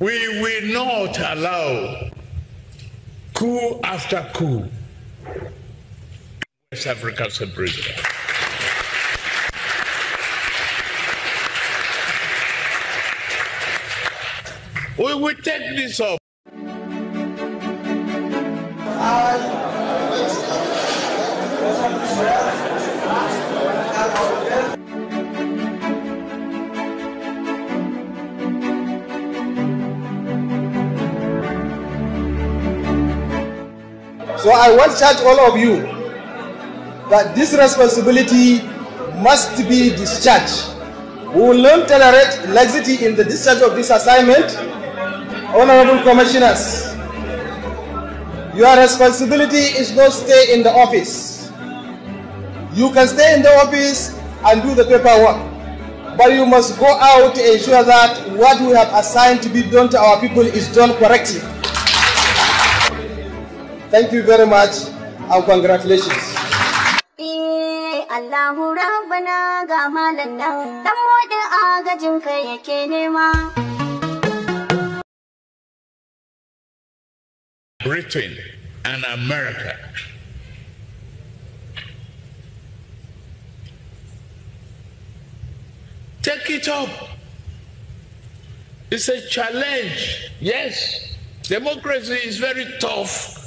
We will not allow coup after coup. West Africa said president. We will take this up. I So I want to charge all of you that this responsibility must be discharged. We will not tolerate laxity in the discharge of this assignment. Honorable Commissioners, your responsibility is not stay in the office. You can stay in the office and do the paperwork, but you must go out to ensure that what we have assigned to be done to our people is done correctly. Thank you very much and congratulations. Britain and America Take it up. It's a challenge. Yes, democracy is very tough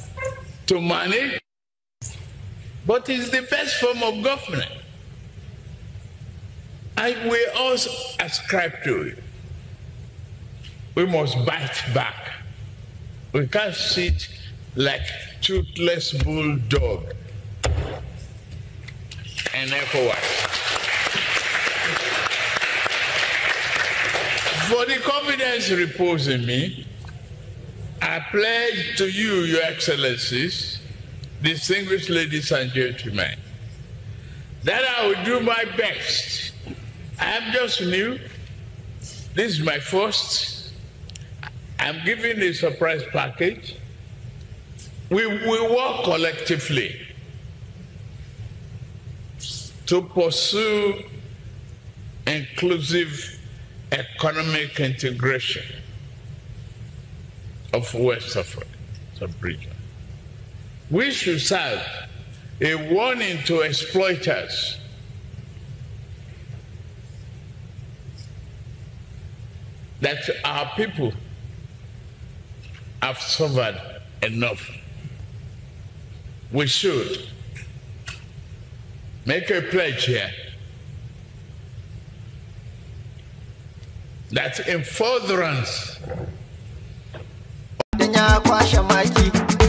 to manage, but it's the best form of government. And we also ascribe to it. We must bite back. We can't sit like toothless bulldog and therefore, For the confidence reposed in me, I pledge to you, Your Excellencies, distinguished ladies and gentlemen, that I will do my best. I'm just new. This is my first. I'm giving a surprise package. We we work collectively to pursue inclusive economic integration of West Africa, a region We should serve a warning to exploiters that our people have suffered enough. We should make a pledge here that in furtherance ya kwashe maki